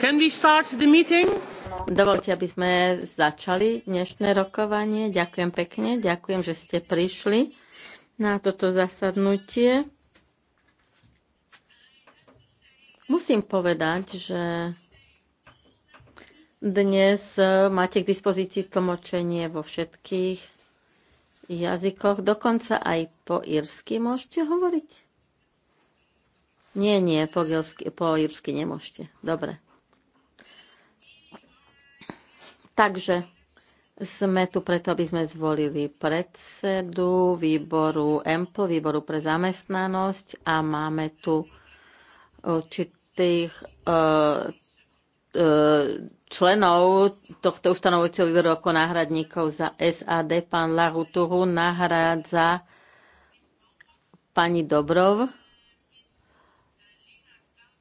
Can we start the meeting? Dovolte, aby sme začali dnešné rokovanie. Ďakujem pekne, ďakujem, že ste prišli na toto zasadnutie. Musím povedať, že dnes e, máte k dispozícii tlmočenie vo všetkých jazykoch, dokonca aj po írsky môžete hovoriť. Nie, nie, po, gelsky, po írsky nemôžete. Dobre. Takže sme tu preto, aby sme zvolili predsedu výboru EMPL, výboru pre zamestnanosť a máme tu určitých uh, uh, členov tohto ustanovujúceho výboru ako náhradníkov za SAD. Pán Lahuturu nahrádza pani Dobrov.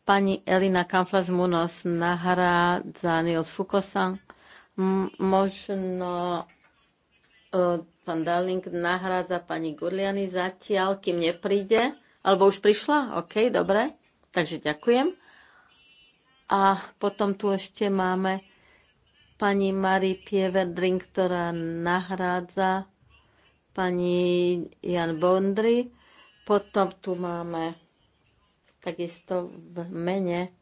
Pani Elina Kamflas Munos nahrádza Nils Fukosan možno e, pán Darling nahrádza pani Gurliany zatiaľ, kým nepríde. Alebo už prišla? OK, dobre. Takže ďakujem. A potom tu ešte máme pani Marie Pieverdring, ktorá nahrádza pani Jan Bondry. Potom tu máme takisto v mene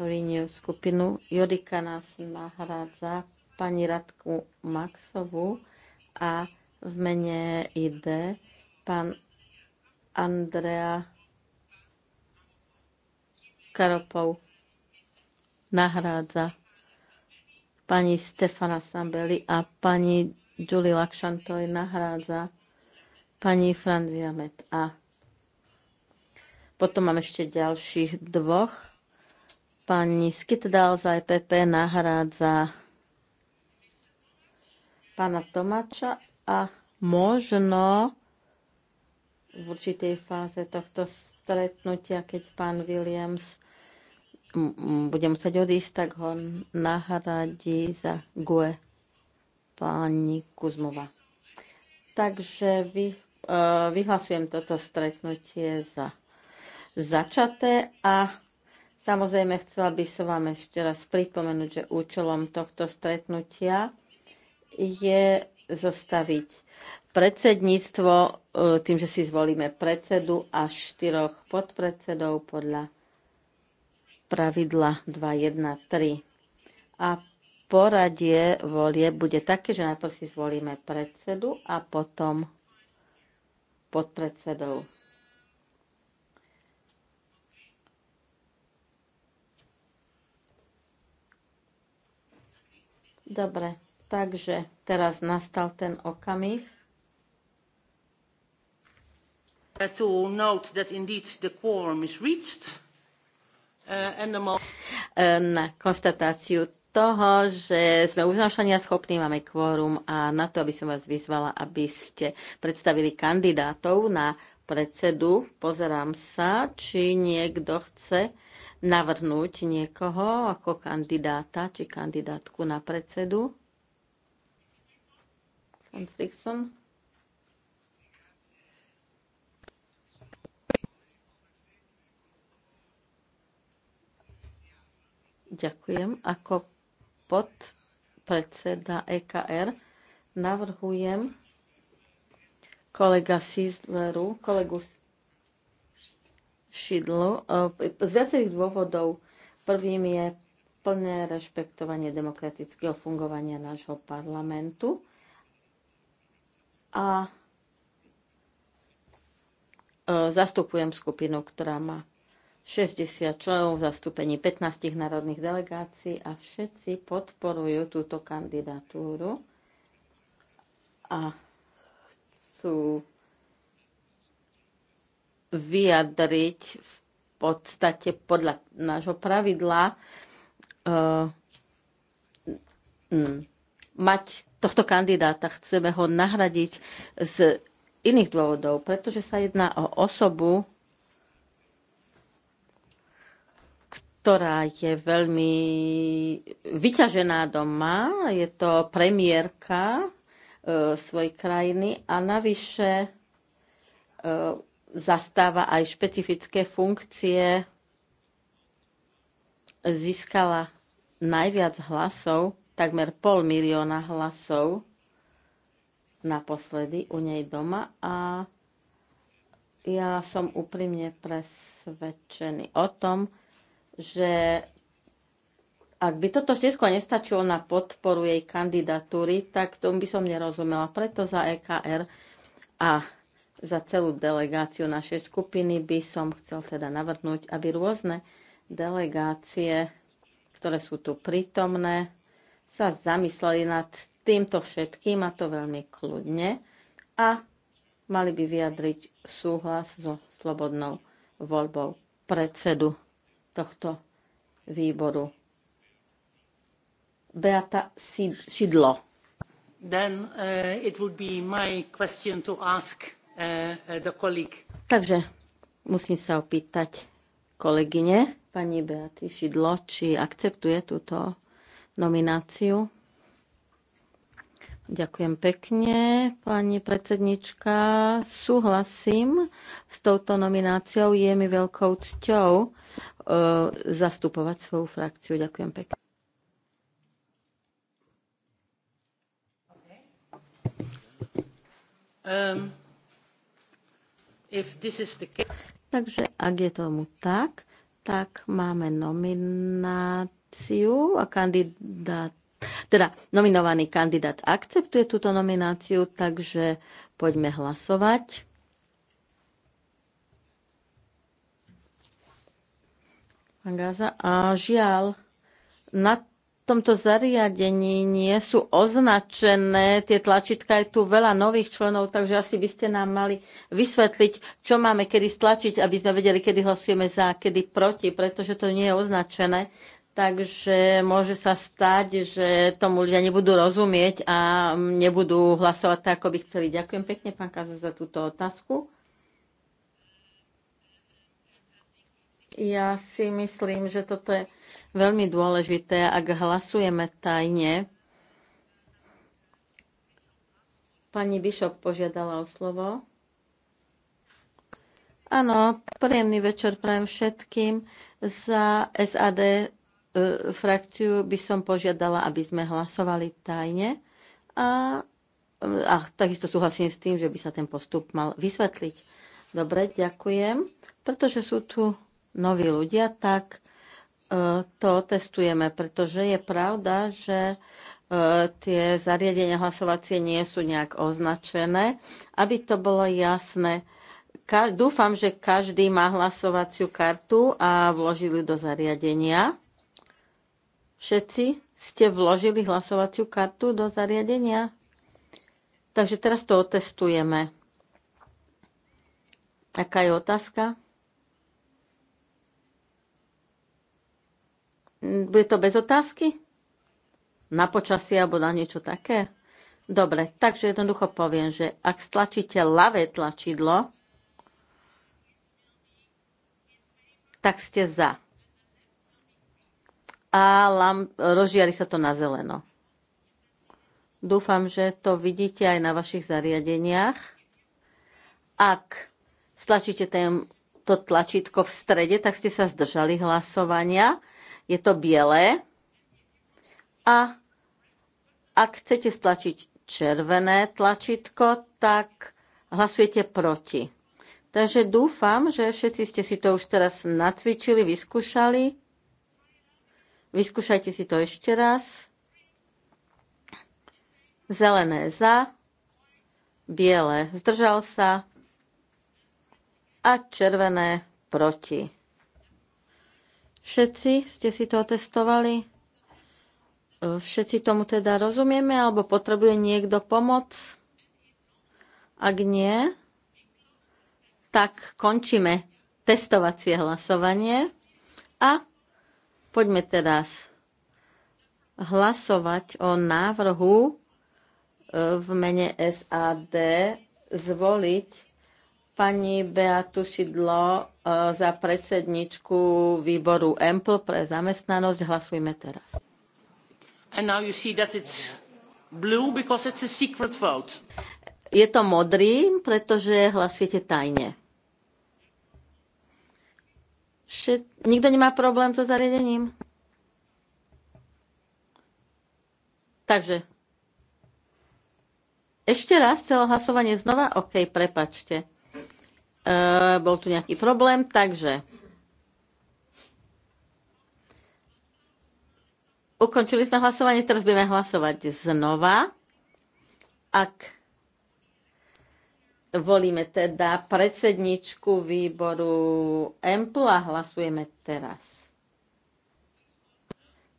Renew skupinu. Jodika nás nahrádza pani Radku Maxovu a v mene ID pán Andrea Karopov nahrádza pani Stefana Sambeli a pani Julie Lakšantoj nahrádza pani Franzia Met. A potom mám ešte ďalších dvoch. Pani Skitdal za EPP nahrádza pána Tomáča a možno v určitej fáze tohto stretnutia, keď pán Williams bude musieť odísť, tak ho nahradí za GUE pani Kuzmova. Takže vy, e, vyhlasujem toto stretnutie za začaté a samozrejme chcela by som vám ešte raz pripomenúť, že účelom tohto stretnutia je zostaviť predsedníctvo e, tým, že si zvolíme predsedu a štyroch podpredsedov podľa pravidla 2.1.3. A poradie volie bude také, že najprv si zvolíme predsedu a potom podpredsedov. Dobre. Takže teraz nastal ten okamih. Uh, e, na konštatáciu toho, že sme uznašania schopní, máme kvórum a na to, aby som vás vyzvala, aby ste predstavili kandidátov na predsedu. Pozerám sa, či niekto chce navrhnúť niekoho ako kandidáta či kandidátku na predsedu. Flixon. Ďakujem. Ako podpredseda EKR navrhujem kolega Sizleru, kolegu Šidlu eh, z viacerých dôvodov. Prvým je plné rešpektovanie demokratického fungovania nášho parlamentu a e, zastupujem skupinu, ktorá má 60 členov v zastúpení 15 národných delegácií a všetci podporujú túto kandidatúru a chcú vyjadriť v podstate podľa nášho pravidla uh, mm, mať tohto kandidáta, chceme ho nahradiť z iných dôvodov, pretože sa jedná o osobu, ktorá je veľmi vyťažená doma. Je to premiérka e, svojej krajiny a navyše e, zastáva aj špecifické funkcie. Získala najviac hlasov takmer pol milióna hlasov naposledy u nej doma a ja som úprimne presvedčený o tom, že ak by toto všetko nestačilo na podporu jej kandidatúry, tak tomu by som nerozumela. Preto za EKR a za celú delegáciu našej skupiny by som chcel teda navrhnúť, aby rôzne delegácie, ktoré sú tu prítomné, sa zamysleli nad týmto všetkým, a to veľmi kľudne, a mali by vyjadriť súhlas so slobodnou voľbou predsedu tohto výboru. Beata Šidlo. Then uh, it would be my question to ask uh, uh, the colleague. Takže musím sa opýtať kolegyne, pani Beaty Šidlo, či akceptuje túto nomináciu. Ďakujem pekne, pani predsednička. Súhlasím s touto nomináciou. Je mi veľkou cťou e, zastupovať svoju frakciu. Ďakujem pekne. Um, the... Takže ak je tomu tak, tak máme nominát nomináciu a kandidát teda nominovaný kandidát akceptuje túto nomináciu, takže poďme hlasovať. A žiaľ, na tomto zariadení nie sú označené tie tlačítka, je tu veľa nových členov, takže asi by ste nám mali vysvetliť, čo máme kedy stlačiť, aby sme vedeli, kedy hlasujeme za, kedy proti, pretože to nie je označené takže môže sa stať, že tomu ľudia nebudú rozumieť a nebudú hlasovať tak, ako by chceli. Ďakujem pekne, pán Kaza, za túto otázku. Ja si myslím, že toto je veľmi dôležité, ak hlasujeme tajne. Pani Bišop požiadala o slovo. Áno, príjemný večer prajem všetkým. Za SAD E, frakciu by som požiadala, aby sme hlasovali tajne a, a takisto súhlasím s tým, že by sa ten postup mal vysvetliť. Dobre, ďakujem. Pretože sú tu noví ľudia, tak e, to testujeme, pretože je pravda, že e, tie zariadenia hlasovacie nie sú nejak označené, aby to bolo jasné. dúfam, že každý má hlasovaciu kartu a vložili do zariadenia. Všetci ste vložili hlasovaciu kartu do zariadenia. Takže teraz to otestujeme. Taká je otázka. Bude to bez otázky? Na počasie alebo na niečo také? Dobre, takže jednoducho poviem, že ak stlačíte ľavé tlačidlo, tak ste za a lam, rozžiari sa to na zeleno. Dúfam, že to vidíte aj na vašich zariadeniach. Ak stlačíte ten, to tlačítko v strede, tak ste sa zdržali hlasovania. Je to biele. A ak chcete stlačiť červené tlačítko, tak hlasujete proti. Takže dúfam, že všetci ste si to už teraz nacvičili, vyskúšali. Vyskúšajte si to ešte raz. Zelené za, biele zdržal sa a červené proti. Všetci ste si to otestovali? Všetci tomu teda rozumieme, alebo potrebuje niekto pomoc? Ak nie, tak končíme testovacie hlasovanie a Poďme teraz hlasovať o návrhu e, v mene SAD zvoliť pani Beatu Šidlo e, za predsedničku výboru EMPL pre zamestnanosť. Hlasujme teraz. Je to modrý, pretože hlasujete tajne. Shit. Nikto nemá problém so zariadením? Takže. Ešte raz celé hlasovanie znova? OK, prepačte. Uh, bol tu nejaký problém, takže. Ukončili sme hlasovanie, teraz budeme hlasovať znova. Ak Volíme teda predsedničku výboru a Hlasujeme teraz.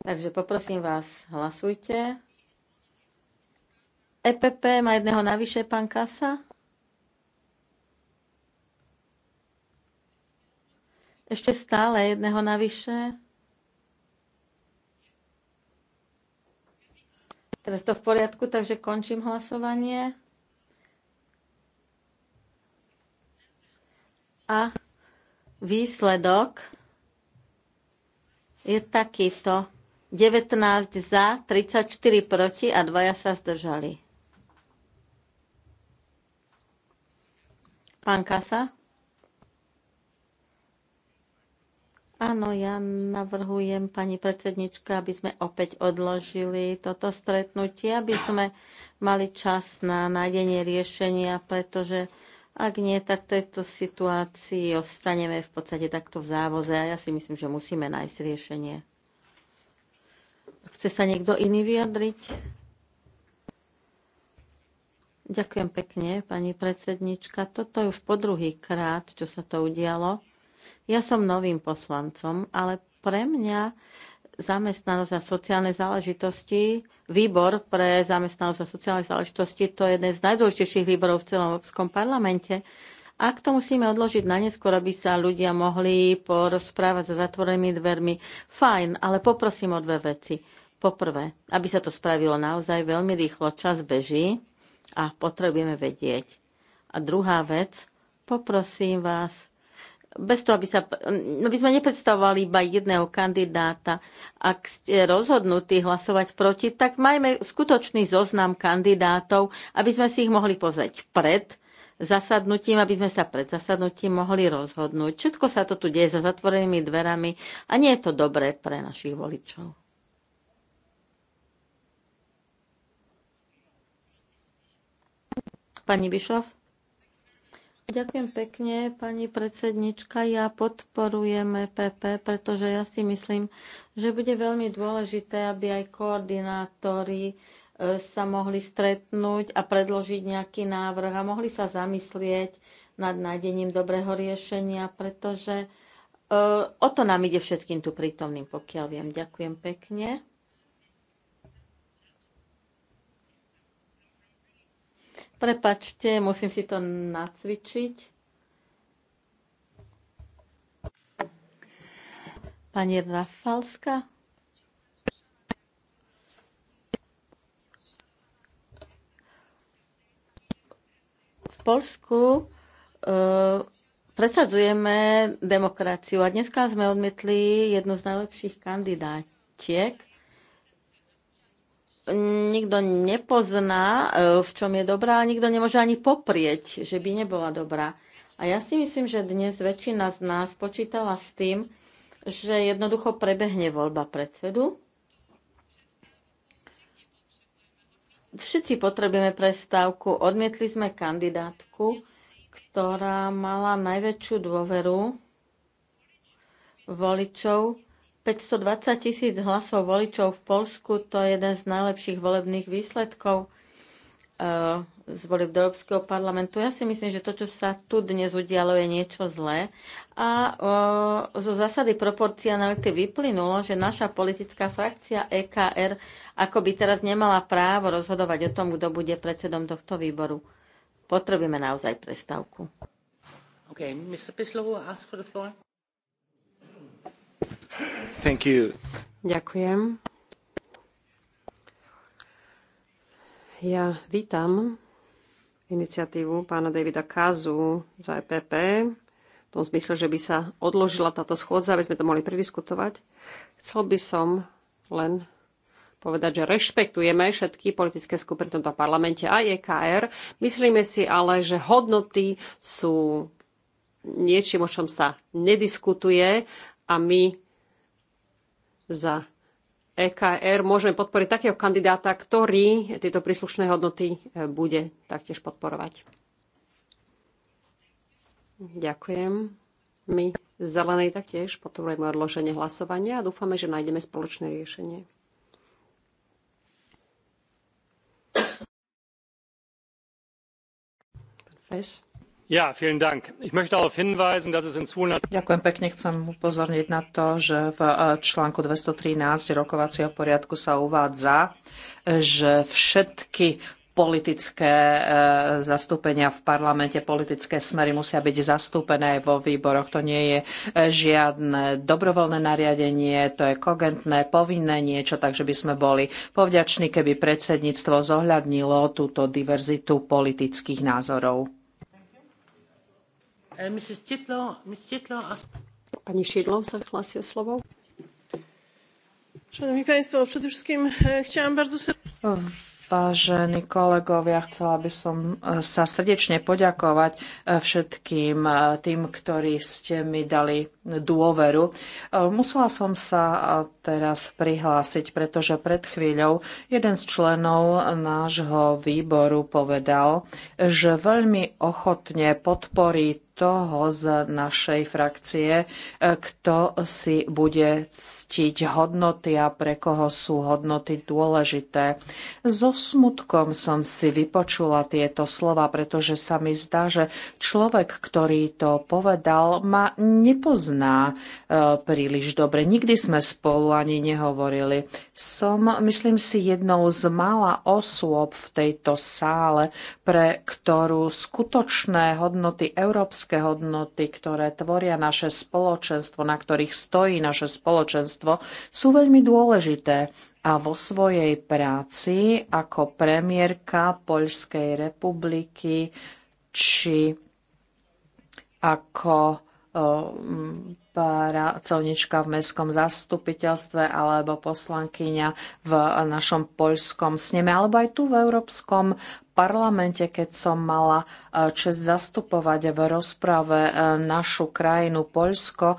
Takže poprosím vás, hlasujte. EPP má jedného navyše, pán Kasa. Ešte stále jedného navyše. Teraz to v poriadku, takže končím hlasovanie. A výsledok je takýto. 19 za, 34 proti a dvaja sa zdržali. Pán Kasa? Áno, ja navrhujem, pani predsednička, aby sme opäť odložili toto stretnutie, aby sme mali čas na nájdenie riešenia, pretože ak nie, tak v tejto situácii ostaneme v podstate takto v závoze a ja si myslím, že musíme nájsť riešenie. Chce sa niekto iný vyjadriť? Ďakujem pekne, pani predsednička. Toto je už po druhý krát, čo sa to udialo. Ja som novým poslancom, ale pre mňa zamestnanosť a sociálne záležitosti výbor pre zamestnanosť a sociálne záležitosti, to je jeden z najdôležitejších výborov v celom Európskom parlamente. Ak to musíme odložiť na neskôr, aby sa ľudia mohli porozprávať za zatvorenými dvermi, fajn, ale poprosím o dve veci. Poprvé, aby sa to spravilo naozaj veľmi rýchlo, čas beží a potrebujeme vedieť. A druhá vec, poprosím vás, bez toho, aby, sa, aby no, sme nepredstavovali iba jedného kandidáta. Ak ste rozhodnutí hlasovať proti, tak majme skutočný zoznam kandidátov, aby sme si ich mohli pozrieť pred zasadnutím, aby sme sa pred zasadnutím mohli rozhodnúť. Všetko sa to tu deje za zatvorenými dverami a nie je to dobré pre našich voličov. Pani Bišov? Ďakujem pekne, pani predsednička. Ja podporujem EPP, pretože ja si myslím, že bude veľmi dôležité, aby aj koordinátori e, sa mohli stretnúť a predložiť nejaký návrh a mohli sa zamyslieť nad nájdením dobrého riešenia, pretože e, o to nám ide všetkým tu prítomným, pokiaľ viem. Ďakujem pekne. Prepačte, musím si to nacvičiť. Pani Rafalska. V Polsku e, presadzujeme demokraciu a dneska sme odmietli jednu z najlepších kandidátiek nikto nepozná, e, v čom je dobrá, ale nikto nemôže ani poprieť, že by nebola dobrá. A ja si myslím, že dnes väčšina z nás počítala s tým, že jednoducho prebehne voľba predsedu. Všetci potrebujeme prestávku. Odmietli sme kandidátku, ktorá mala najväčšiu dôveru voličov 520 tisíc hlasov voličov v Polsku, to je jeden z najlepších volebných výsledkov eh, z volieb do Európskeho parlamentu. Ja si myslím, že to, čo sa tu dnes udialo, je niečo zlé. A o, eh, zo zásady proporcionality vyplynulo, že naša politická frakcia EKR ako by teraz nemala právo rozhodovať o tom, kto bude predsedom tohto výboru. Potrebujeme naozaj prestávku. Okay, Mr. Pislow, ask for the floor. Ďakujem. Ja vítam iniciatívu pána Davida Kazu za EPP, v tom zmysle, že by sa odložila táto schôdza, aby sme to mohli prediskutovať. Chcel by som len povedať, že rešpektujeme všetky politické skupiny v tomto parlamente aj EKR. Myslíme si ale, že hodnoty sú niečím, o čom sa nediskutuje a my za EKR môžeme podporiť takého kandidáta, ktorý tieto príslušné hodnoty e, bude taktiež podporovať. Ďakujem. My zelenej taktiež podporujeme odloženie hlasovania a dúfame, že nájdeme spoločné riešenie. Pán ja, Ďakujem pekne. Chcem upozorniť na to, že v e, článku 213 rokovacieho poriadku sa uvádza, že všetky politické e, zastúpenia v parlamente, politické smery musia byť zastúpené aj vo výboroch. To nie je e, žiadne dobrovoľné nariadenie, to je kogentné, povinné niečo, takže by sme boli povďační, keby predsedníctvo zohľadnilo túto diverzitu politických názorov. Eh, Pani Šidlo sa hlási o slovo. Szanowni e, bardzo Vážení kolegovia, chcela by som e, sa srdečne poďakovať e, všetkým tým, ktorí ste mi dali dôveru. E, musela som sa teraz prihlásiť, pretože pred chvíľou jeden z členov nášho výboru povedal, že veľmi ochotne podporí toho z našej frakcie, e, kto si bude ctiť hodnoty a pre koho sú hodnoty dôležité. So smutkom som si vypočula tieto slova, pretože sa mi zdá, že človek, ktorý to povedal, ma nepozná nepozná e, príliš dobre. Nikdy sme spolu ani nehovorili. Som, myslím si, jednou z mála osôb v tejto sále, pre ktorú skutočné hodnoty, európske hodnoty, ktoré tvoria naše spoločenstvo, na ktorých stojí naše spoločenstvo, sú veľmi dôležité a vo svojej práci ako premiérka Poľskej republiky či ako pracovnička v mestskom zastupiteľstve alebo poslankyňa v našom poľskom sneme, alebo aj tu v Európskom parlamente, keď som mala e, čest zastupovať v rozprave e, našu krajinu Poľsko, e,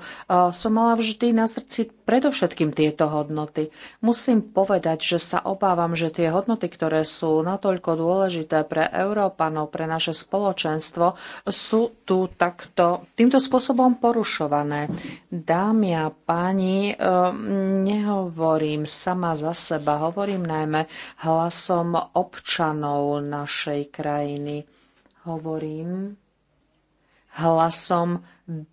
som mala vždy na srdci predovšetkým tieto hodnoty. Musím povedať, že sa obávam, že tie hodnoty, ktoré sú natoľko dôležité pre Európanov, pre naše spoločenstvo, sú tu takto týmto spôsobom porušované. Dámy a páni, ehm, nehovorím sama za seba, hovorím najmä hlasom občanov našej krajiny. Hovorím hlasom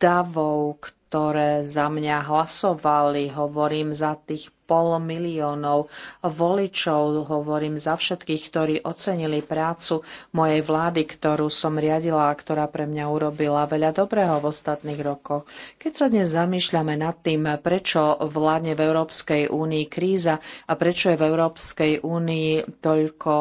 davov, ktorý ktoré za mňa hlasovali. Hovorím za tých pol miliónov voličov, hovorím za všetkých, ktorí ocenili prácu mojej vlády, ktorú som riadila a ktorá pre mňa urobila veľa dobrého v ostatných rokoch. Keď sa dnes zamýšľame nad tým, prečo vládne v Európskej únii kríza a prečo je v Európskej únii toľko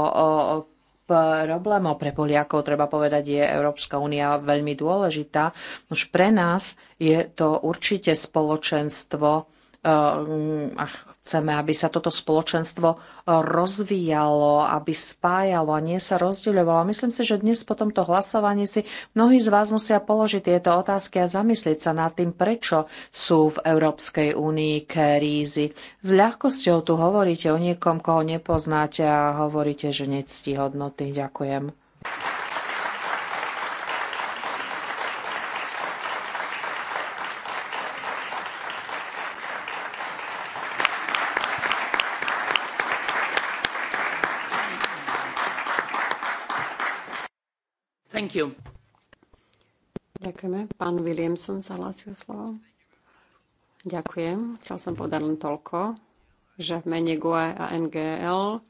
problémov pre Poliakov, treba povedať, je Európska únia veľmi dôležitá. Už pre nás je to určite spoločenstvo Ehm, a chceme, aby sa toto spoločenstvo e, rozvíjalo, aby spájalo a nie sa rozdeľovalo. Myslím si, že dnes po tomto hlasovaní si mnohí z vás musia položiť tieto otázky a zamyslieť sa nad tým, prečo sú v Európskej únii krízy. S ľahkosťou tu hovoríte o niekom, koho nepoznáte a hovoríte, že nectí hodnoty. Ďakujem. Pán Williamson sa slovo. Ďakujem. Chcel som povedať len toľko, že v mene GUE a NGL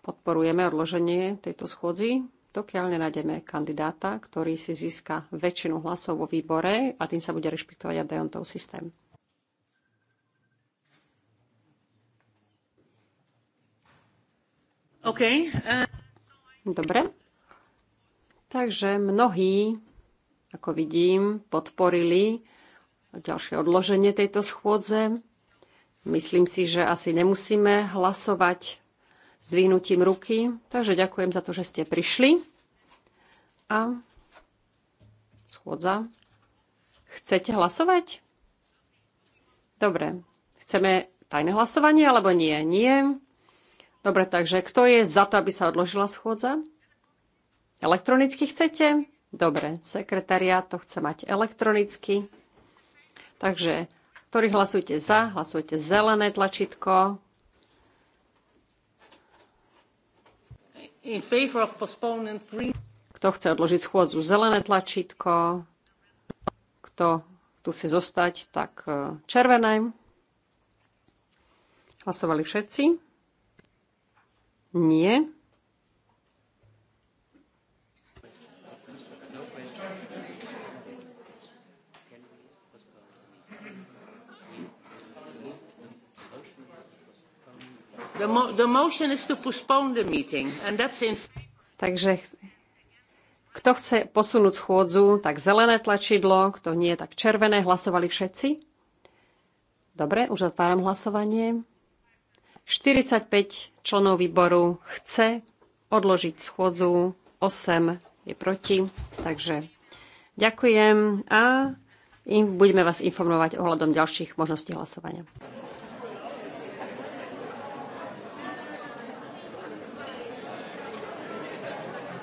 podporujeme odloženie tejto schôdzi, dokiaľ nenájdeme kandidáta, ktorý si získa väčšinu hlasov vo výbore a tým sa bude rešpektovať aj Deontov systém. OK. Eh. Dobre. Takže mnohí ako vidím, podporili ďalšie odloženie tejto schôdze. Myslím si, že asi nemusíme hlasovať s vyhnutím ruky. Takže ďakujem za to, že ste prišli. A schôdza. Chcete hlasovať? Dobre. Chceme tajné hlasovanie alebo nie? Nie. Dobre, takže kto je za to, aby sa odložila schôdza? Elektronicky chcete? Dobre, sekretariat to chce mať elektronicky. Takže, ktorí hlasujete za, hlasujete zelené tlačítko. Kto chce odložiť schôdzu, zelené tlačítko. Kto tu chce zostať, tak e, červené. Hlasovali všetci? Nie. Takže kto chce posunúť schôdzu, tak zelené tlačidlo, kto nie, tak červené. Hlasovali všetci? Dobre, už otváram hlasovanie. 45 členov výboru chce odložiť schôdzu, 8 je proti, takže ďakujem a budeme vás informovať ohľadom ďalších možností hlasovania.